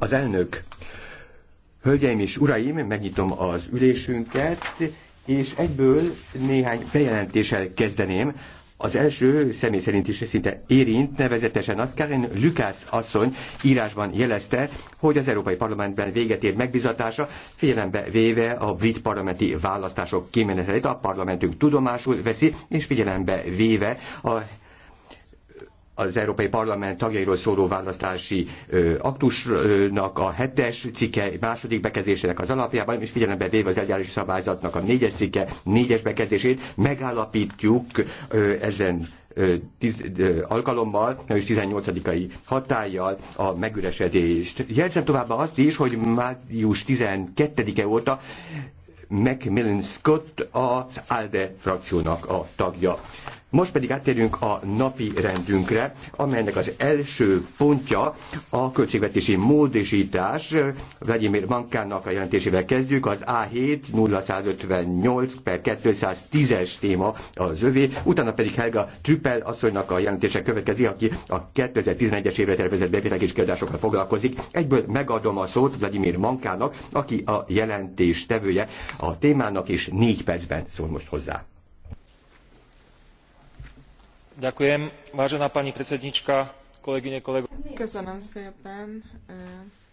az elnök. Hölgyeim és uraim, megnyitom az ülésünket, és egyből néhány bejelentéssel kezdeném. Az első személy szerint is szinte érint, nevezetesen az Karen Lukács asszony írásban jelezte, hogy az Európai Parlamentben véget ér megbizatása, figyelembe véve a brit parlamenti választások kimenetelét a parlamentünk tudomásul veszi, és figyelembe véve a az Európai Parlament tagjairól szóló választási ö, aktusnak a hetes cikke második bekezdésének az alapjában, és figyelembe véve az eljárási szabályzatnak a négyes cikke négyes bekezdését, megállapítjuk ö, ezen ö, tiz, ö, alkalommal, és 18-ai hatállyal a megüresedést. Jelzem továbbá azt is, hogy május 12-e óta Macmillan Scott az ALDE frakciónak a tagja. Most pedig áttérünk a napi rendünkre, amelynek az első pontja a költségvetési módosítás. Vladimir Mankának a jelentésével kezdjük. Az A7 0158 per 210-es téma az övé, utána pedig Helga Trüppel asszonynak a jelentése következik, aki a 2011-es évre tervezett bevételek és kiadásokkal foglalkozik. Egyből megadom a szót Vladimir Mankának, aki a jelentés tevője a témának, és négy percben szól most hozzá. Köszönöm szépen,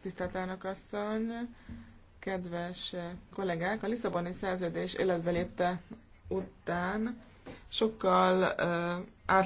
tisztelt elnök asszony, kedves kollégák! A Lisszaboni szerződés életbe lépte után sokkal uh,